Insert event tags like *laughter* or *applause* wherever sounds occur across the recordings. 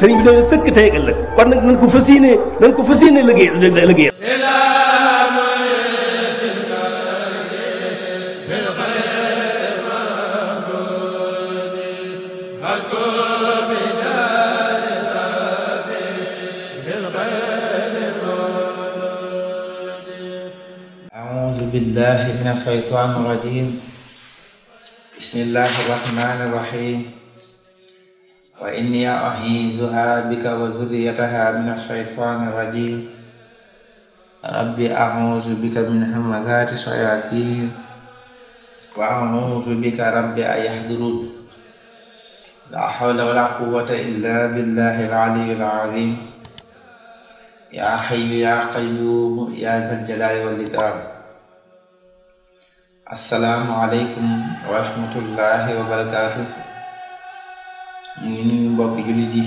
sëriñ bi doon sëkk tey ak ëllëg kon nag nañ ko fas yéene nañ ko fas yéene liggéey liggéey بالله من الشيطان الرجيم بسم الله الرحمن الرحيم wa inni u'iizuha bika wa zurriyataha min ash-shaytaani rajiim rabbi a'uuzu bika min hamazaati shayaatiin wa a'uuzu bika rabbi an yahduruun laa hawla wa laa quwwata illaa billaahil aliyyil aziim yaa hayyu yaa qayyuum yaa zal jalaali wal ikraam assalaamu aleykum wa rahmatullaahi wa barakaatuh ñu ngi nuyu mbokki jullit yi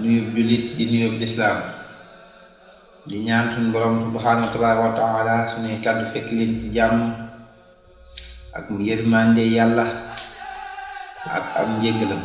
nuyu jullit di nuyu lislaam di ñaan suñu borom subhaanahu tabaaraka wa taala suñuy kàddu fekk leen ci jàmm ak mu yërmande yàlla ak am la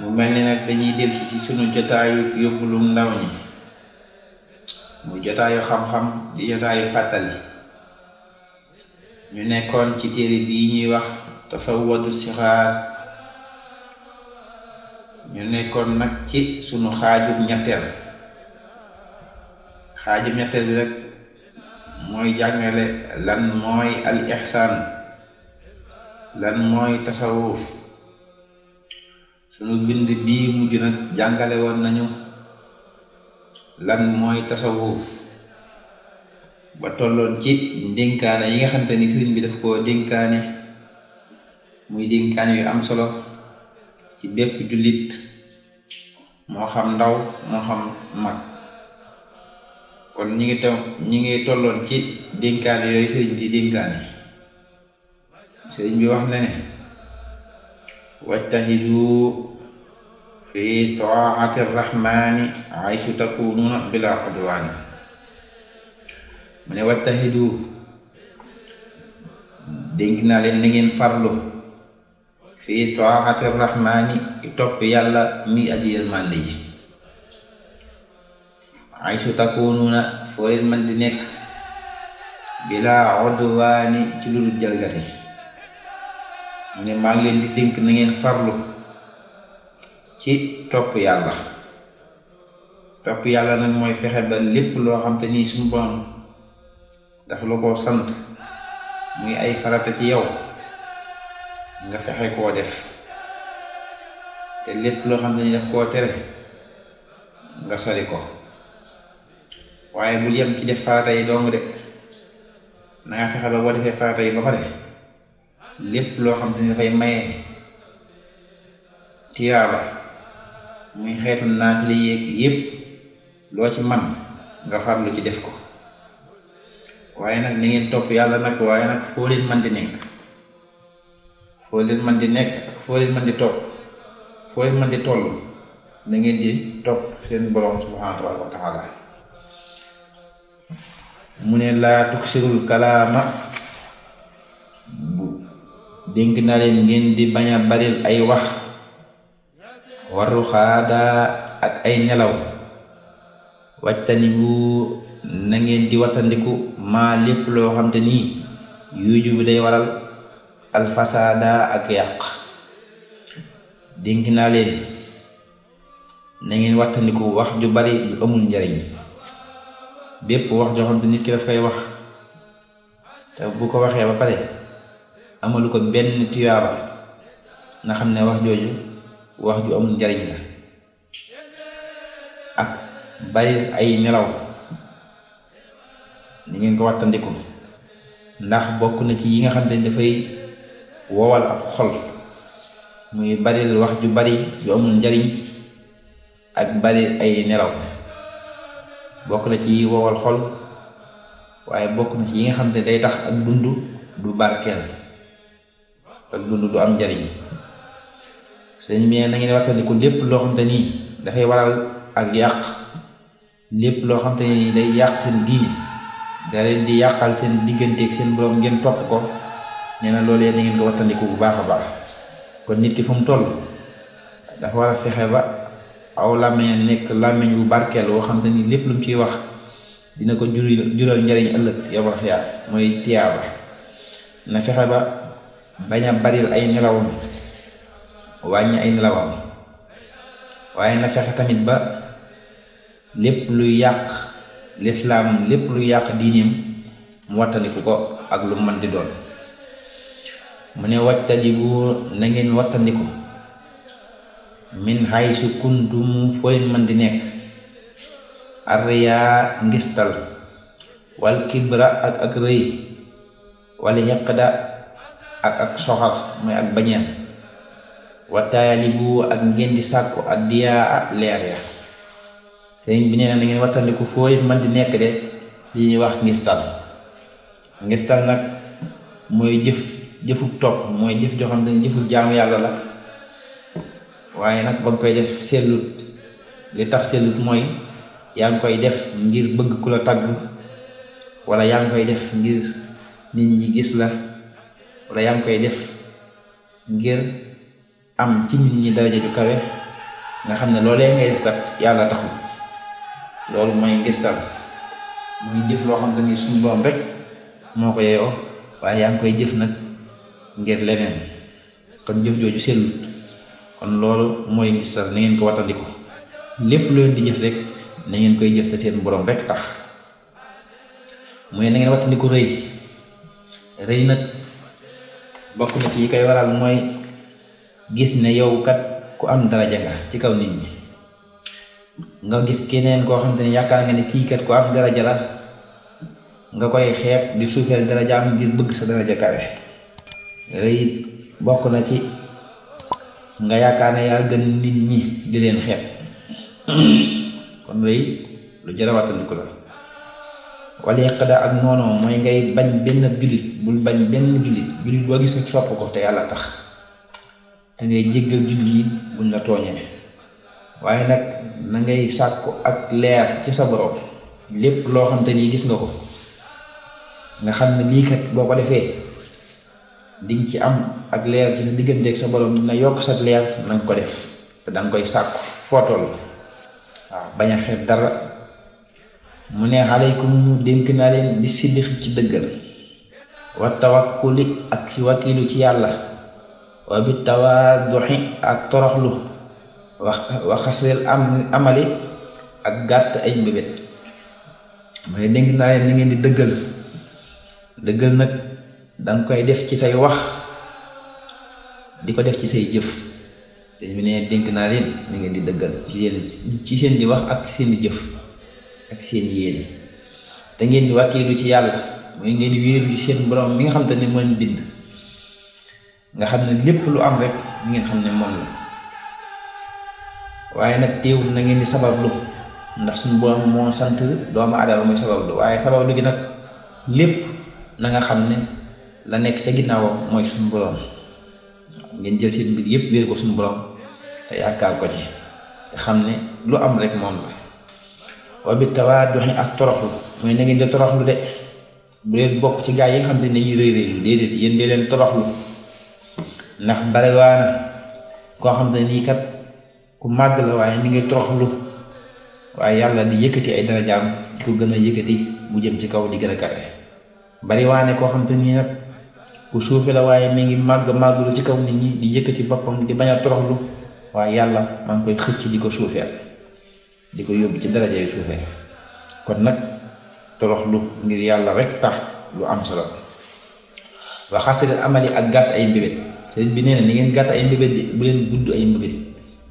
mu mel ni nag dañuy dellu ci suñu jotaayu yóbbalu ndaw ñi mu jotaayu xam-xam di jotaayu fàttali ñu nekkoon ci téere bii ñuy wax tasawwadu sixaar ñu nekkoon nag ci sunu xaajub ñetteel xaajub ñetteel bi rek mooy jàngale lan mooy al lan mooy tasawuf sunu bind bii mujj nag jàngale woon nañu lan mooy tasawuf ba tolloon ci ndénkaane yi nga xamante ni sëriñ bi daf koo dénkaane muy dénkaan yu am solo ci bépp jullit moo xam ndaw moo xam mag kon ñi ngi tam ngi tolloon ci dénkaan yooyu sëriñ bi dénkaane sëriñ bi wax na ne wattahidu fi taati rahmani aysu takununa bila udwani mu ne wattahidu dénk naa leen na ngeen farlu fii taati rahmaani topp yàlla mi aji yërmande ay su takunuuna foo leen man di nekk bila odwaani ci lu dul jalgati mu ne maa ngi leen di dénk na ngeen farlu ci topp yàlla topp yàlla nag mooy fexe ba lépp loo xam te nii suñu borom dafa la koo sant muy ay farata ci yow nga fexe koo def te lépp loo xam ne ni daf koo tere nga sori ko waaye bu yem ci def farata yi dong de na nga fexe ba boo defee farata yi ba pare lépp loo xam te ni dafay maye tiyaaba muy xeetu naafile yéeg yépp loo ci man nga farlu ci def ko waaye nag ni ngeen topp yàlla nag waaye nag foo leen man nekk foo leen man di nekk ak foo leen man di topp foo leen man di toll na ngeen di topp seen borom subhaanahu wa taala mu ne laa tuksirul kalaama bu dénk naa leen ngeen di bañ a baril ay wax waru xaada ak ay nelaw wajtanibu na ngeen di wattandiku maa lépp loo xam te nii yuuju bi day waral alfasaada ak yàq dénk naa leen na ngeen wattandiku wax ju bari lu amul njariñ bépp wax joo xam te nit ki daf wax te bu ko waxee ba pare amalu ko benn tuyaaba na xam ne wax jooju wax ju amul njariñ la ak bari ay nelaw ni ngeen ko wattandiku ndax bokk na ci yi nga xam ne dafay wowal ab xol muy baril wax ju bari yu amul njariñ ak bari ay nelaw bokk na ci wowal xol waaye bokk na ci yi nga xam ne day tax ak dund du barkeel sa dund du am njariñ seen bi na ngeen wattandiku lépp loo xam te nii dafay waral ak yàq lépp loo xam te nii day yàq seen diine da di yàqal seen digganteeg seen borom ngeen topp ko nee na loolee da ngeen ko wattandiku bu baax a baax kon nit ki fu mu dafa war a fexe ba aw làmmiñ nekk làmmiñ bu barkeel woo xam te ni lépp lu ciy wax dina ko juri jural njariñ ëllëg yomal xiyaar mooy tiyaaba na fexe ba bañ a baril ay nelawam wàññi ay nelawam waaye na fexe tamit ba lépp luy yàq lislaam lépp luy yàq diineem mu wattandiku ko ak lu mën di doon mu ne wattalibu na ngeen wattandiku min haysu kuntum fooy man di nekk arriya ngistal wal kibra ak ak rëy wal yaqda ak ak soxar mooy ak bañeen wa ak ngeen di sàkku addiya leer ya sëriñ bi nee na ngeen wattandiku fooy man di nekk de ci ñuy wax ngistal ngistal nag mooy jëf jëfub topp mooy jëf joo xam ne jëful yàlla la waaye nag ba nga koy def sellut li tax sellut mooy yaa ngi koy def ngir bëgg ku tagg wala yaa ngi koy def ngir nit ñi gis la wala yaa ngi koy def ngir am ci nit ñi daraja ju kawe nga xam ne loolee ngay def kat yàlla taxul loolu mooy ngistal muy jëf loo xam te ni suñu borom rek moo ko yeyoo waaye yaa ngi koy jëf nag ngir leneen kon jëf jooju sellut kon loolu mooy ngistal na ngeen ko wattandiku lépp loolu di jëf rek na ngeen koy jëf te seen boroom rek tax mooy na ngeen wattandiku rëy rëy nag bokk na ci yi koy waral mooy gis ne yow kat ku am daraja nga ci kaw nit ñi nga gis keneen koo xam te ne yaakaar nga ne kii kat ku am daraja la nga koy xeeb di suufeel darajaam ngir bëgg sa daraja kawe yooyu bokk na ci nga yaakaar ne yaa gën nit ñi di leen xeeb *coughs* kon looy lu jarawatandiku la wala yàqda ak noonoo mooy ngay bañ benn jullit bul bañ benn jullit jullit boo gis ak sopp ko te yàlla tax te ngay jéggal jullit buñ la tooñee waaye nag na ngay sàkku ak leer ci sa borom lépp loo xam te nii gis nga ko nga xam ne lii kat boo ko defee di ci am ak leer ci sa digganteeg sa borom na yokk sa leer na ko def te da koy sàkku footoo waaw bañ a xeeb dara mu ne aleykum dénk naa leen bi siddiq ci dëggal wa tawakkuli ak ci wakiilu ci yàlla wa bi tawaaduxi ak toroxlu wax waxaseel am amali ak gàtt ay mbébét mu ne dénk naa leen ni ngeen di dëggal dëggal nag danga koy def ci say wax di ko def ci say jëf te mu ne dénk naa leen na ngeen di dëggal ci seen ci seen di wax ak seen di jëf ak seen yi te ngeen di wàkkiilu ci yàlla mooy ngeen di wéeru seen borom mi nga xam te ne mën bind nga xam ne lépp lu am rek mi ngeen xam ne moom la waaye nag teewul na ngeen di sabablu ndax suñu borom moo sant doomu aadama muy sabablu waaye sabablu gi nag lépp na nga xam ne la nekk ca ginnaawam mooy suñu borom ngeen jël seen mbir yëpp wéer ko suñu borom te yaakaar ko ci xam ne lu am rek moom la wa bi tawaaduxi ak toroxlu mooy na ngeen di toroxlu de bu bokk ci gaa yi xam ne dañuy rëy rëy déedéet yéen dee leen toroxlu ndax barewaana koo xam ne nii kat ku màgg la waaye mi ngi toroxlu waaye yàlla ni yëkkati ay darajaam di ko gën a yëkkati mu jëm ci kaw di gën a kawe bariwaane koo xam te nii nag bu suufe la waaye mi ngi màgg màgg ci kaw nit ñi di yëkkati boppam di bañ a toroxlu waaye yàlla maa ngi koy xëcc di ko suufeel di ko yóbbu ci daraja yu suufee kon nag toroxlu ngir yàlla rek tax lu am solo wa xasira amali ak gàtt ay mbébét sëriñ bi nee ni ngeen gàtt ay mbébét di bu leen gudd ay mbébét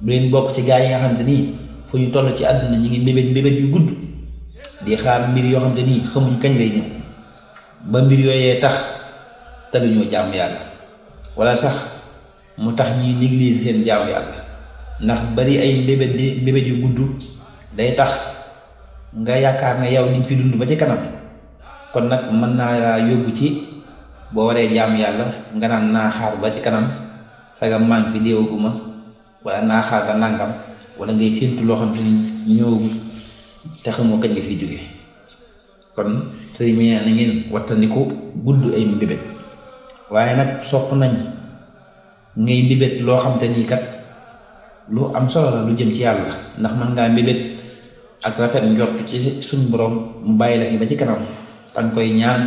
bu leen bokk ci gaa yi nga xam te nii fu ñu toll ci àdduna ñu ngi mbébét mbébét yu gudd di xaar mbir yoo xam te nii xamuñ kañ lay ñëw ba mbir talu ñoo jàmm yàlla wala sax mu tax ñuy négliger seen jàmm yàlla ndax bari ay mbébét di mbébét yu gudd day tax nga yaakaar ne yow di fi dund ba ci kanam kon nag mën naa laa yóbbu ci boo waree jàmm yàlla nga naan naa xaar ba ci kanam sagam maa ngi fi deewaguma wala naa xaar ba nàngam wala ngay séntu loo xam te ni ñëwagul te xamoo kañ nga fi jóge kon sëriñ bi na ngeen wattandiku gudd ay mbébét waaye nag sopp nañ ngay mbibét loo xam te nii kat lu am solo lu jëm ci yàlla ndax mën ngaa mbibét ak rafet njort ci suñ boroom mu bàyyi la fi ba ci kanam danga koy ñaan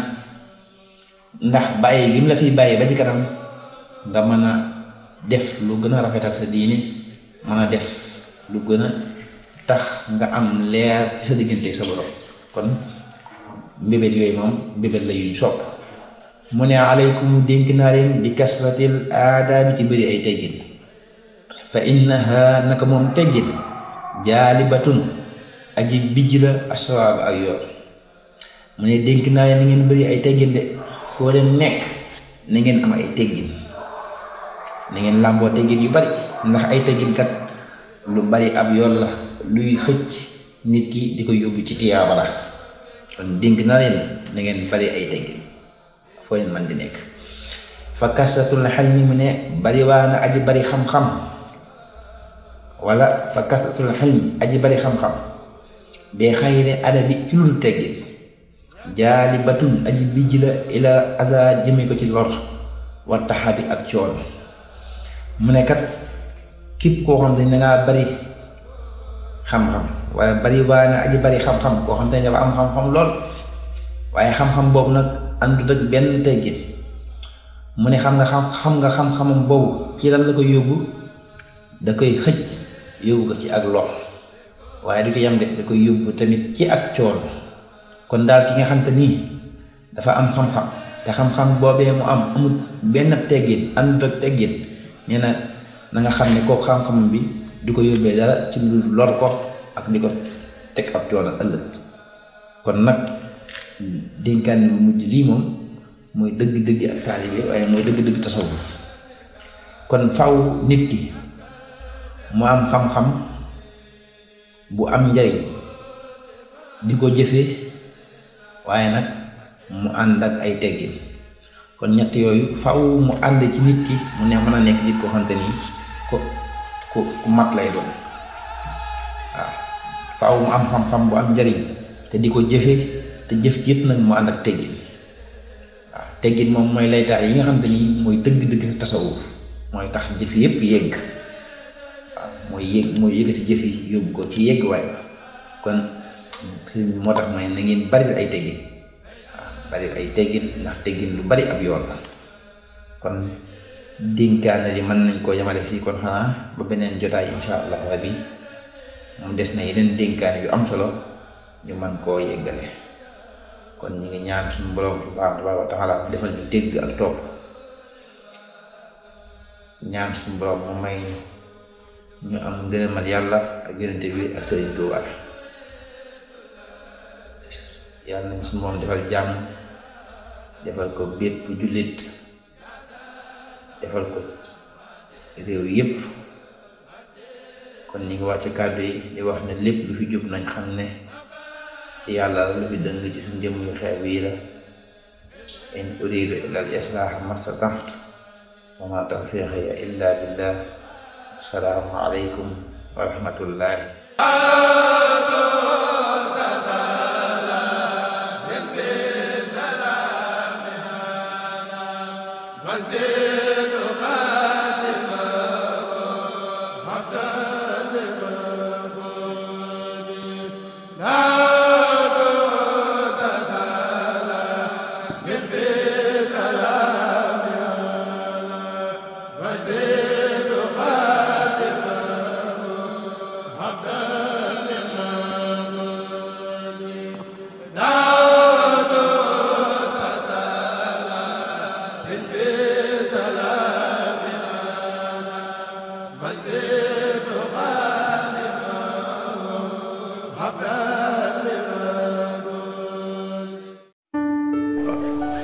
ndax bàyyi lim la fi bàyyi ba ci kanam mën a def lu gën a rafetal sa diini mën a def lu gën a tax nga am leer ci sa diggante sa borom kon mbibét yooyu moom mbibét la yuñ sopp mu ne alaykum dénk naa leen bi kasratil aadaabi ci bëri ay teggin fa innaha naka moom teggin jaalibatun aji bijj la aswaab ak yoor mu ne dénk naa leen na ngeen bëri ay teggin de foo leen nekk na ngeen am ay teggin na ngeen làmboo teggin yu bari ndax ay teggin kat lu bari ab yoon la luy xëcc nit ki di ko yóbbu ci tiyaaba la kon naa leen na ngeen bari ay teggin foo leen man di nekk fa kasratul xelmi mu ne bariwaana aji bari xam-xam wala fa kasratul xelmi aji bari xam-xam bee xayri adabi ci lu teggin jaalibatun aji bijj la ila aza jëme ko ci lor war taxabi ak coon mu ne kat képp koo xam ne dangaa bari xam-xam wala bariwaana aji bari xam-xam koo xam ne dafa am xam-xam lool waaye xam-xam boobu nag àndut ak benn teggin mu ne xam nga xam xam nga xam-xamam boobu ci lan la ko yóbbu da koy xëcc yóbbu ko ci ak lor waaye du ko yam de da koy yóbbu tamit ci ak cool kon daal ki nga xam te nii dafa am xam-xam te xam-xam boobee mu am amul benn teggin àndut ak teggin nee na na nga xam ne kook xam-xam bi du ko yóbbee dara ci lu lor ko ak di ko teg ab cool ëllëg kon nag dénkaan bu mujj lii moom mooy dëgg-dëgg ak taalibe waaye mooy dëgg-dëgg tasawuf kon faw nit ki mu am xam-xam bu am njariñ di ko jëfe waaye nag mu ànd ak ay teggin kon ñett yooyu faw mu ànd ci nit ki mu ne mën a nekk nit koo xamante ni ko ku ku mat lay doon waaw faw mu am xam-xam bu am njariñ te di ko jëfee te jëf yëpp nag mu ànd ak teggin waaw teggin moom mooy laytaay yi nga xam te ni mooy dëgg-dëgg tasawuf mooy tax jëf yépp yegg waaw mooy yëg mooy yëkkati jëf yi yóbbu ko ci yegg waaye kon sëriñ bi moo tax mooy na ngeen bari ay teggin waaw bari ay teggin ndax teggin lu bari ab yoon la kon dénkaane li mën nañ koo yemale fii kon xanaa ba beneen jotaay insha allah rabi mu des na yeneen dénkaane yu am solo ñu man koo yeggale kon ñi ngi ñaan suñu borom subhanahu wa defal ñu dégg ak topp ñaan suñu borom may ñu am ngërëmal yàlla ak yonente bi ak sëriñ Tuubaa yàlla nañ suñu borom defal jàmm defal ko bépp jullit defal ko réew yépp kon ñi ngi wàcc kàddu yi di wax ne lépp lu fi jub nañ xam ne ci yàlla la lu fi dëng ci suñ jëm yu xew yi la in uridu illa al islaax mastata'tu wa ma tawfiqiya illa billah assalaamu aleykum wa rahmatullahi